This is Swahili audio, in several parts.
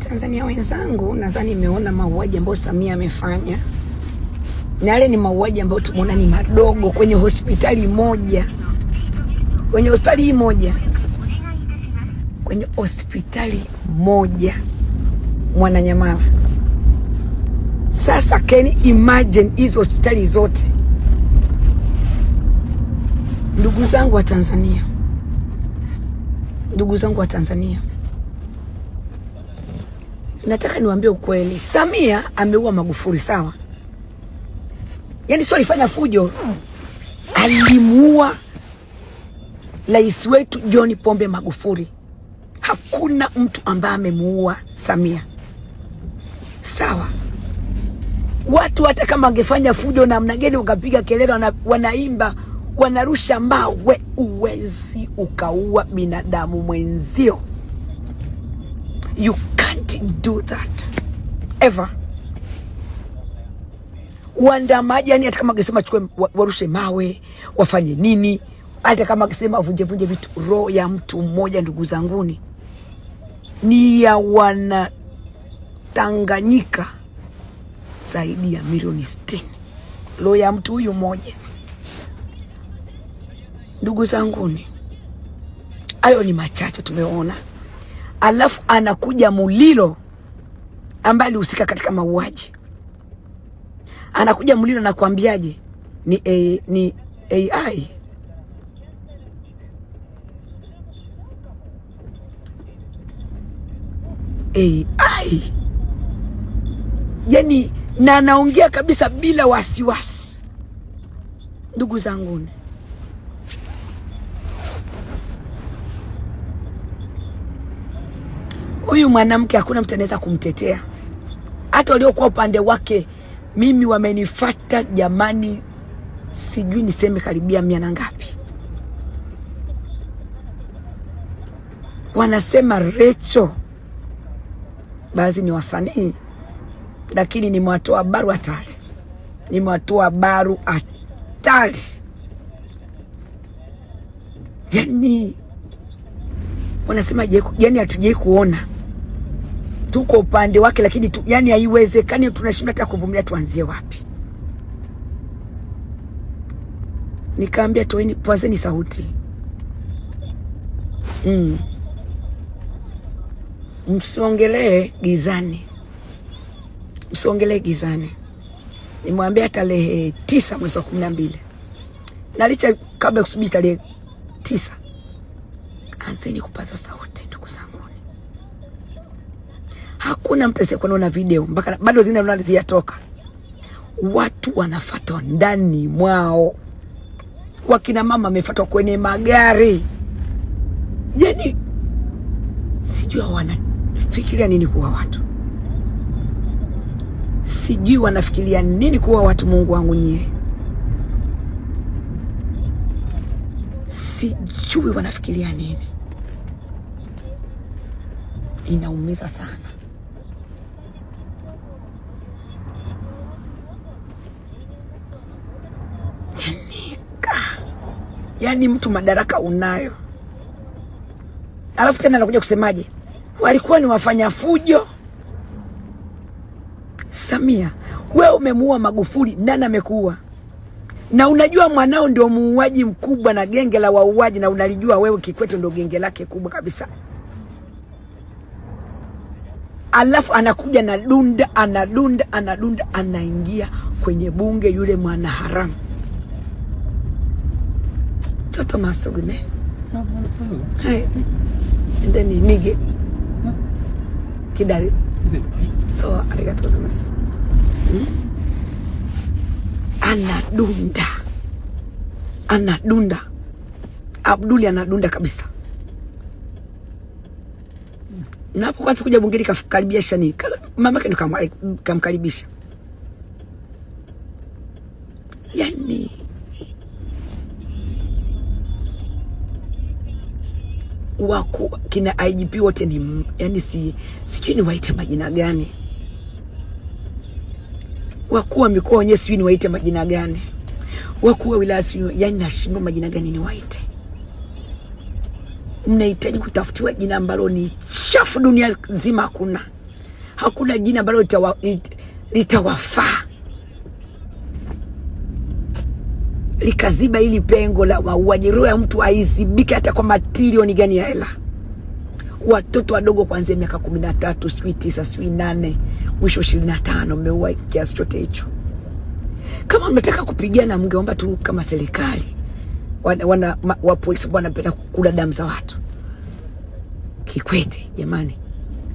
Watanzania wenzangu, nadhani mmeona mauaji ambayo Samia amefanya, na yale ni mauaji ambayo tumeona ni madogo kwenye hospitali moja, kwenye hospitali moja, kwenye hospitali moja Mwananyamala. Sasa can imagine hizo hospitali zote, ndugu zangu wa Tanzania, ndugu zangu wa Tanzania nataka niwaambie ukweli, Samia ameua Magufuli sawa, yaani sio alifanya fujo, alimuua rais wetu John Pombe Magufuli. Hakuna mtu ambaye amemuua Samia sawa. Watu hata kama wangefanya fujo namna gani, wakapiga kelele, wana, wanaimba wanarusha mawe, uwezi ukaua binadamu mwenzio you do that ever. Waandamanaji yani, hata kama akisema chukue, warushe mawe, wafanye nini, hata kama akisema vunjevunje vitu, roho ya mtu mmoja, ndugu zanguni, ni ya wana Tanganyika zaidi ya milioni sitini. Roho ya mtu huyu mmoja, ndugu zanguni, hayo ni machache tumeona alafu anakuja Mulilo ambaye alihusika katika mauaji, anakuja Mulilo na kuambiaje ni, eh, ni AI AI yani, na anaongea kabisa bila wasiwasi, ndugu zanguni. huyu mwanamke hakuna mtu anaweza kumtetea, hata waliokuwa upande wake mimi wamenifata jamani, sijui niseme karibia mia na ngapi, wanasema Recho, baadhi ni wasanii, lakini nimewatoa baru hatari, nimewatoa baru hatari. Yani wanasema yani hatujai kuona tuko upande wake, lakini tu, yani haiwezekani, tunashindwa hata kuvumilia. Tuanzie wapi? Nikaambia toeni, pwazeni sauti mm. Msiongelee gizani, msiongelee gizani. Nimwambia tarehe tisa mwezi wa kumi na mbili na licha kabla ya kusubiri tarehe tisa, anzeni kupaza sauti hakuna mtu asiyekuwa naona video mpaka bado zina runali ziyatoka. Watu wanafuatwa ndani mwao, wakina mama wamefuatwa kwenye magari. Yani sijui wanafikiria nini kuwa watu, sijui wanafikiria nini kuwa watu. Mungu wangu nyie, sijui wanafikiria nini. Inaumiza sana. Yaani mtu madaraka unayo, alafu tena anakuja kusemaje? Walikuwa ni wafanya fujo. Samia, we umemuua Magufuli, nani amekuua? Na unajua mwanao ndio muuaji mkubwa na genge la wauaji, na unalijua wewe Kikwete ndio genge lake kubwa kabisa. Alafu anakuja na dunda anadunda anadunda, anaingia kwenye bunge yule mwanaharamu. ちょっとまっすぐねはいでに右左そうありがとうございます anadunda hmm? anadunda Abduli anadunda kabisa napo kwanza kuja bungeni karibia shani mama yake nikamkaribisha wako kina IGP wote ni yani, si sijui niwaite majina gani, wakuu wa mikoa wenyewe sijui niwaite majina gani, wakuu wa wilaya sijui, yani nashindwa majina gani niwaite. Mnahitaji kutafutiwa jina ambalo ni chafu, dunia nzima hakuna hakuna jina ambalo litawafaa likaziba hili pengo la mauaji. Roho ya mtu aizibike hata kwa matilioni gani ya hela. Watoto wadogo kuanzia miaka kumi na tatu sijui tisa sijui nane mwisho ishirini na tano mmeua kiasi chote hicho. Kama mnataka kupigana, mngeomba tu kama serikali wana, wana, wa polisi wanapenda kula damu za watu. Kikwete jamani,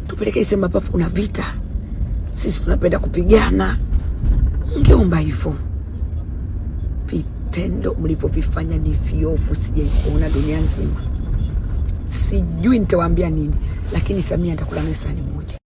tupeleke sehemu ambapo kuna vita, sisi tunapenda kupigana, mngeomba hivyo vitendo mlivyovifanya ni viovu, sijaikuona dunia nzima. Sijui nitawaambia nini, lakini Samia atakula mesani moja.